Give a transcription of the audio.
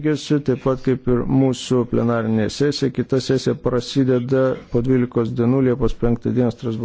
baigėsi, taip pat kaip ir mūsų plenarinė sesija. Kita sesija prasideda po 12 dienų Liepos 5 dienos Strasbūrė.